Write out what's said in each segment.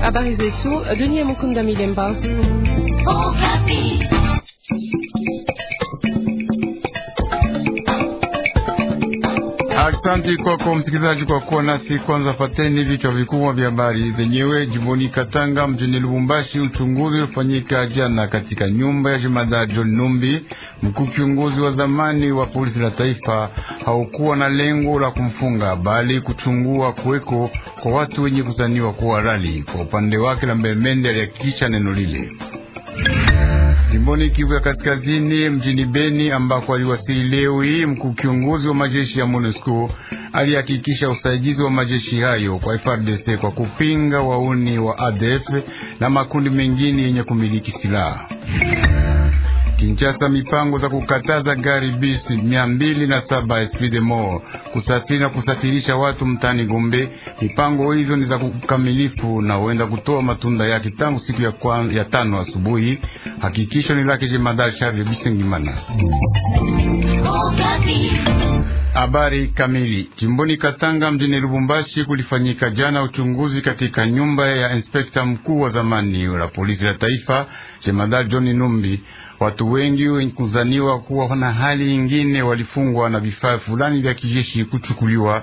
Habari zetu Denis Mukunda Milemba. Asante kwako msikilizaji kwa kuwa nasi. Kwanza fateni vichwa vikubwa vya habari zenyewe. Jimboni Katanga, mjini Lubumbashi, uchunguzi uliofanyika jana katika nyumba ya jemadari John Numbi, mkuu kiongozi wa zamani wa polisi la taifa, haukuwa na lengo la kumfunga, bali kuchungua kuweko kwa watu wenye kuzaniwa kuwa rali. Kwa upande wake, Lambert Mende alihakikisha neno lile. Jimboni Kivu ya Kaskazini, mjini Beni ambako aliwasili leo hii mkuu kiongozi wa majeshi ya MONUSCO alihakikisha usaidizi wa majeshi hayo kwa frdc kwa kupinga wauni wa ADF na makundi mengine yenye kumiliki silaha. Kinshasa, mipango za kukataza gari bisi mia mbili na saba esprit de mort kusafiri na kusafirisha watu mtani Gombe. Mipango hizo ni za kukamilifu na huenda kutoa matunda yake tangu siku ya, kwa, ya tano asubuhi. Hakikisho ni lake jemadari Charles Bisengimana. Oh, Habari kamili. Jimboni Katanga mjini Lubumbashi kulifanyika jana uchunguzi katika nyumba ya inspekta mkuu wa zamani la polisi la taifa jemadar John Numbi. Watu wengi wenkuzaniwa kuwa na hali nyingine walifungwa na vifaa fulani vya kijeshi kuchukuliwa.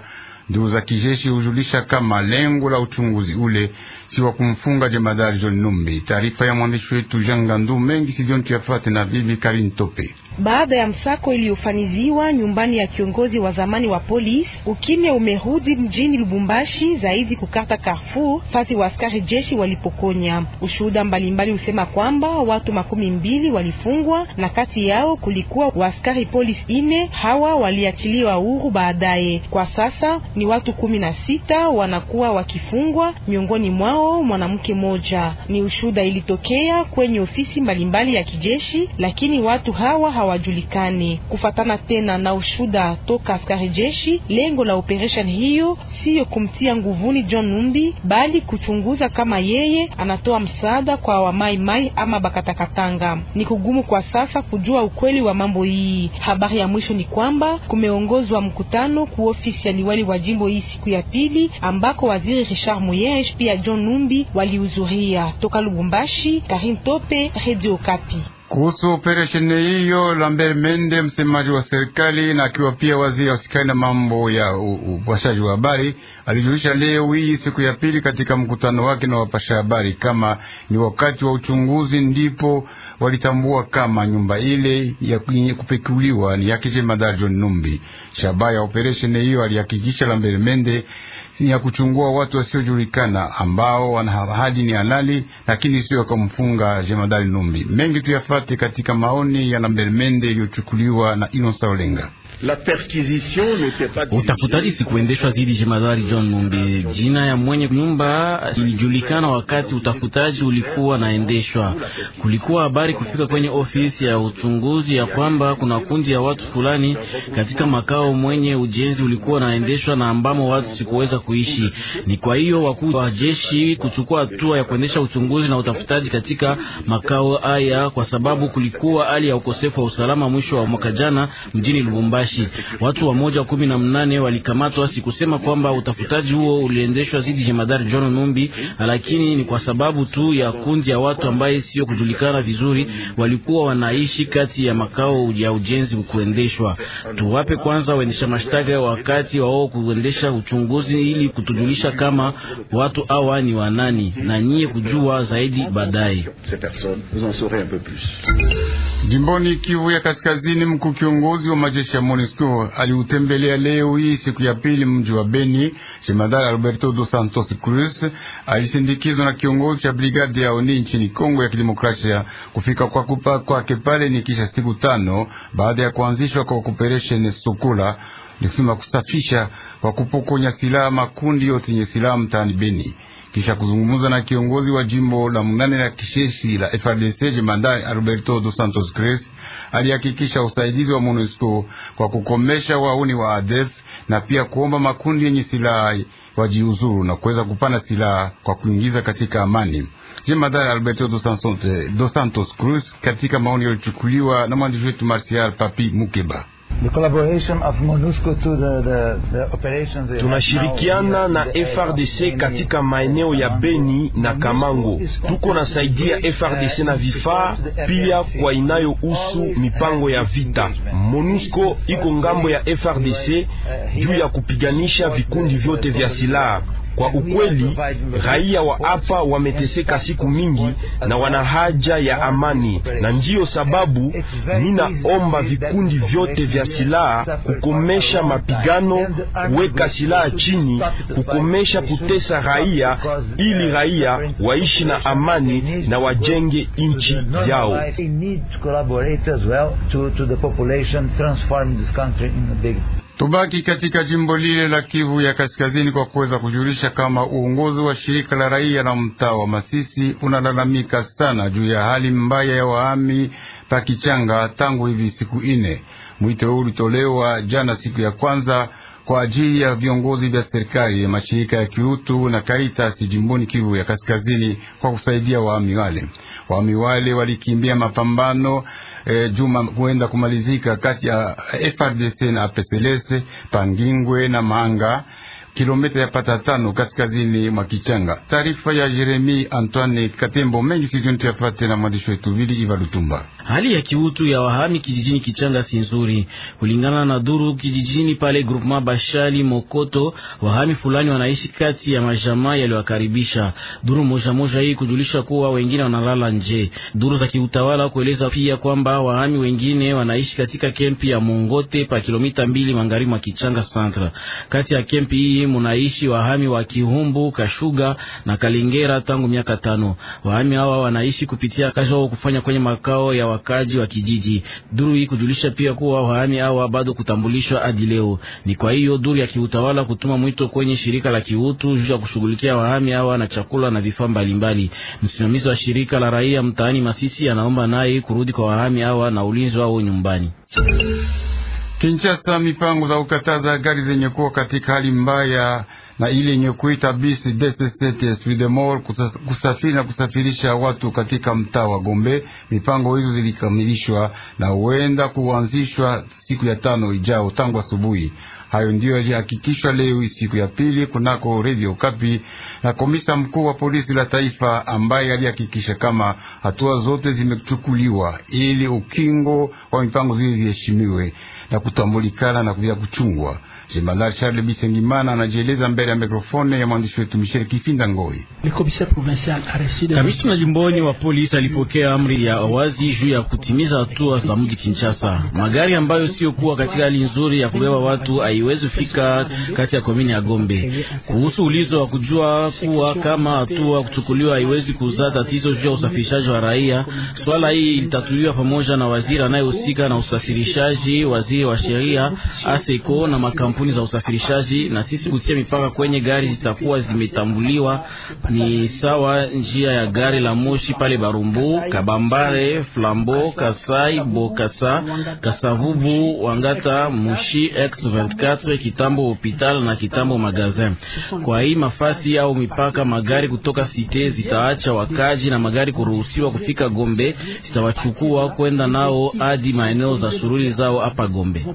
nduu za kijeshi hujulisha kama lengo la uchunguzi ule si wa kumfunga jemadar John Numbi. Taarifa ya mwandishi wetu Jangandu mengi sidiontu na bibi Karin Tope. Baada ya msako iliyofaniziwa nyumbani ya kiongozi wa zamani wa polisi, ukimya umerudi mjini Lubumbashi, zaidi kukata Carrefour fasi wa askari jeshi walipokonya. Ushuhuda mbalimbali husema kwamba watu makumi mbili walifungwa na kati yao kulikuwa waaskari polisi ine. Hawa waliachiliwa huru baadaye. Kwa sasa ni watu kumi na sita wanakuwa wakifungwa, miongoni mwao mwanamke moja. Ni ushuhuda ilitokea kwenye ofisi mbalimbali ya kijeshi, lakini watu hawa hawajulikani. Kufatana tena na ushuda toka askari jeshi, lengo la operation hiyo siyo kumtia nguvuni John Numbi, bali kuchunguza kama yeye anatoa msaada kwa wamaimai ama bakatakatanga. Ni kugumu kwa sasa kujua ukweli wa mambo hii. Habari ya mwisho ni kwamba kumeongozwa mkutano ku ofisi ya liwali wa jimbo hii siku ya pili, ambako waziri Richard Muyesh pia John Numbi walihudhuria. Toka Lubumbashi, Karim Tope, Radio Kapi. Kuhusu operesheni hiyo, Lambert Mende, msemaji wa serikali na akiwa pia waziri usikani na mambo ya upashaji wa habari, alijulisha leo hii siku ya pili katika mkutano wake na wapasha habari kama ni wakati wa uchunguzi ndipo walitambua kama nyumba ile ya kupekuliwa ni yake jemadari John Numbi. Shabaha ya operesheni hiyo, alihakikisha Lambert Mende, ya kuchungua watu wasiojulikana ambao wana hadi ni halali lakini sio yakamfunga jemadari Numbi. Mengi tuyafate katika maoni ya Nambermende iliyochukuliwa na Inosa Olenga. Utafutaji kuendeshwa zidi jemadari John Mumbi. Jina ya mwenye nyumba ilijulikana wakati utafutaji ulikuwa naendeshwa. Kulikuwa habari kufika kwenye ofisi ya uchunguzi ya kwamba kuna kundi ya watu fulani katika makao mwenye ujenzi ulikuwa naendeshwa na ambamo watu sikuweza kuishi. Ni kwa hiyo wakuu wa jeshi kuchukua hatua ya kuendesha uchunguzi na utafutaji katika makao haya, kwa sababu kulikuwa hali ya ukosefu wa usalama mwisho wa mwaka jana mjini Lubumbashi. Lubumbashi. Watu wa moja kumi na mnane walikamatwa, sikusema kwamba utafutaji huo uliendeshwa zidi jemadari John Numbi, lakini ni kwa sababu tu ya kundi ya watu ambaye sio kujulikana vizuri walikuwa wanaishi kati ya makao ya ujenzi kuendeshwa. Tuwape kwanza waendesha mashtaka wakati wao kuendesha uchunguzi ili kutujulisha kama watu hawa ni wanani, na nyie kujua zaidi baadaye. Jimboni Kivu ya Kaskazini, mkuu kiongozi wa majeshi ya MONUSCO aliutembelea leo hii siku ya pili mji wa Beni. Jemadari Alberto dos Santos Cruz alisindikizwa na kiongozi cha brigadi ya ONI nchini Kongo ya Kidemokrasia. Kufika kwa kupa kwake pale ni kisha siku tano baada ya kuanzishwa kwa operesheni Sukula, nikusema kusafisha kwa kupokonya silaha makundi yote yenye silaha mtaani Beni. Kisha kuzungumza na kiongozi wa jimbo la mnane la kisheshi la frdc jemandari Alberto dos Santos Cruz, alihakikisha usaidizi wa MONUSCO kwa kukomesha wauni wa ADF na pia kuomba makundi yenye silaha wajiuzuru na kuweza kupana silaha kwa kuingiza katika amani. Jemadari Alberto dos Santos, eh, dos Santos Cruz katika maoni yaliyochukuliwa na mwandishi wetu Marcial Papi Mukeba. Tunashirikiana na FRDC katika maeneo ya Beni na Kamango, tuko nasaidia FRDC na uh, vifaa pia kwa inayohusu mipango ya vita. MONUSCO iko ngambo ya FRDC uh, juu ya kupiganisha vikundi vyote vya silaha. Kwa ukweli, raia wa hapa wameteseka siku mingi na wana haja ya amani, na ndiyo sababu ninaomba vikundi vyote vya silaha kukomesha mapigano, kuweka silaha chini, kukomesha kutesa raia, ili uh, raia waishi na amani na wajenge nchi yao. Tubaki katika jimbo lile la Kivu ya Kaskazini kwa kuweza kujulisha kama uongozi wa shirika la raia na mtaa wa Masisi unalalamika sana juu ya hali mbaya ya wahami pakichanga tangu hivi siku ine. Mwito huu ulitolewa jana siku ya kwanza kwa ajili ya viongozi vya serikali ya mashirika ya kiutu na karitas jimboni Kivu ya Kaskazini kwa kusaidia wahami wale. Wahami wale walikimbia mapambano eh, juma kuenda kumalizika kati ya FRDC na APCLS Pangingwe na Manga kilomita ya pata tano kaskazini mwa Kichanga. Taarifa ya Jeremi Antoine Katembo mengi sikiotuyafate na mwandishi wetu Vili Iva Lutumba. Hali ya kiutu ya wahami kijijini Kichanga si nzuri. Kulingana na duru kijijini pale Groupement Bashali Mokoto, wahami fulani wanaishi kati ya majamaa yaliyowakaribisha. Duru moja moja hii kujulisha kuwa wengine wanalala nje. Duru za kiutawala kueleza pia kwamba wahami wengine wanaishi katika kempi ya Mongote pa kilomita mbili magharibi mwa Kichanga Centre. Kati ya kempi hii Beni munaishi wahami wa Kihumbu, Kashuga na Kalingera tangu miaka tano. Wahami hawa wanaishi kupitia kazi wao kufanya kwenye makao ya wakaji wa kijiji. Duru hii kujulisha pia kuwa wahami hawa bado kutambulishwa hadi leo. Ni kwa hiyo duru ya kiutawala kutuma mwito kwenye shirika la kiutu juu ya kushughulikia wahami hawa na chakula na vifaa mbalimbali. Msimamizi wa shirika la raia mtaani Masisi anaomba naye kurudi kwa wahami hawa na ulinzi wao nyumbani. Kinshasa, mipango za kukataza gari zenye kuwa katika hali mbaya na ile yenye kuita bisi DCCT kusafiri na kusafirisha watu katika mtaa wa Gombe. Mipango hizo zilikamilishwa na huenda kuanzishwa siku ya tano ijao tangu asubuhi. Hayo ndiyo yalihakikishwa leo siku ya pili kunako redio Kapi na komisa mkuu wa polisi la taifa, ambaye alihakikisha kama hatua zote zimechukuliwa ili ukingo wa mipango zile ziheshimiwe na kutambulikana na kuvia kuchungwa Jemadari Charles Bisengimana anajieleza mbele ya mikrofone ya mwandishi wetu Michel Kifinda Ngoi. Kamishna jimboni wa polisi alipokea amri ya wazi juu ya kutimiza hatua za mji Kinshasa. Magari ambayo siyokuwa katika hali nzuri ya kubeba watu haiwezi fika kati ya komini ya Gombe. Kuhusu ulizo wa kujua kuwa kama hatua kuchukuliwa haiwezi kuzaa tatizo juu ya usafirishaji wa raia, swala hii ilitatuliwa pamoja na waziri anayehusika na usafirishaji, waziri wa sheria, aseko na makampuni kampuni za usafirishaji, na sisi kutia mipaka kwenye gari zitakuwa zimetambuliwa, ni sawa njia ya gari la moshi pale Barumbu, Kabambare, Flambo, Kasai, Bokasa, Kasavubu, Wangata, Mushi, X24, Kitambo hospital na Kitambo magazin. Kwa hii mafasi au mipaka, magari kutoka site zitaacha wakaji na magari kuruhusiwa kufika Gombe, zitawachukua kwenda nao hadi maeneo za shughuli zao hapa Gombe.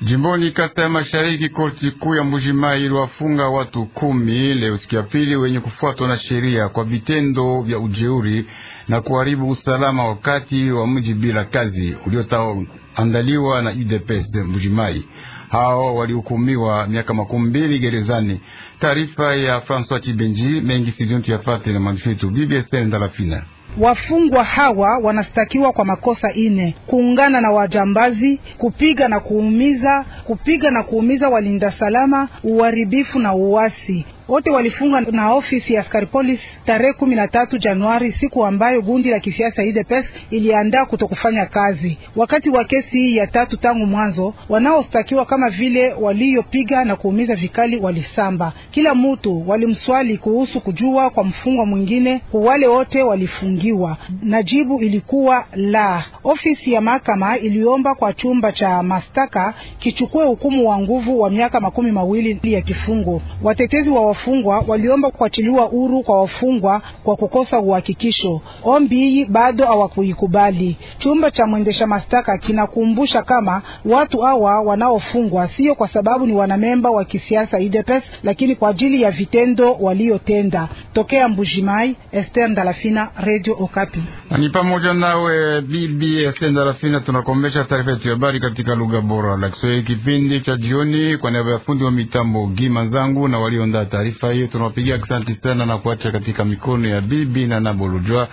Jimboni Kasa ya Mashariki, koti kuu ya Mbujimai iliwafunga watu kumi leo siku ya pili wenye kufuatwa na sheria kwa vitendo vya ujeuri na kuharibu usalama wakati wa mji bila kazi uliotaandaliwa na UDPS Mbujimai. Hao walihukumiwa miaka makumi mbili gerezani. Taarifa ya François Chibenji mengi sivyontu yafate na manifetu BBSN Ndalafina Wafungwa hawa wanastakiwa kwa makosa ine: kuungana na wajambazi, kupiga na kuumiza, kupiga na kuumiza walinda salama, uharibifu na uasi wote walifunga na ofisi ya askari polisi tarehe kumi na tatu Januari, siku ambayo gundi la kisiasa UDPS iliandaa kutokufanya kazi. Wakati wa kesi hii ya tatu tangu mwanzo, wanaostakiwa kama vile waliopiga na kuumiza vikali walisamba, kila mtu walimswali kuhusu kujua kwa mfungwa mwingine, kwa wale wote walifungiwa, na jibu ilikuwa la. Ofisi ya mahakama iliomba kwa chumba cha mastaka kichukue hukumu wa nguvu wa miaka makumi mawili ya kifungo. Watetezi wa wafungwa waliomba kuachiliwa huru kwa wafungwa kwa kukosa uhakikisho. Ombi hii bado hawakuikubali. Chumba cha mwendesha mashtaka kinakumbusha kama watu hawa wanaofungwa sio kwa sababu ni wanamemba wa kisiasa UDPS, lakini kwa ajili ya vitendo waliotenda. Tokea Mbujimai, Esther Ndalafina, Radio Okapi. Ni pamoja nawe bibi Esther Ndalafina. Tunakomesha taarifa yetu ya habari katika lugha bora la Kiswahili, kipindi cha jioni, kwa niaba ya fundi wa mitambo Gima Zangu na walioandaa taarifa taarifa hiyo tunawapigia asanti sana na kuacha katika mikono ya bibi na Nabolujwa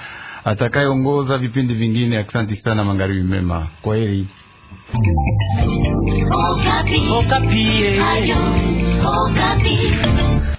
atakayeongoza vipindi vingine. Asanti sana, magharibi mema, kwa heri. Okapi. Oh, Okapi. Oh, Ayo. Okapi. Oh,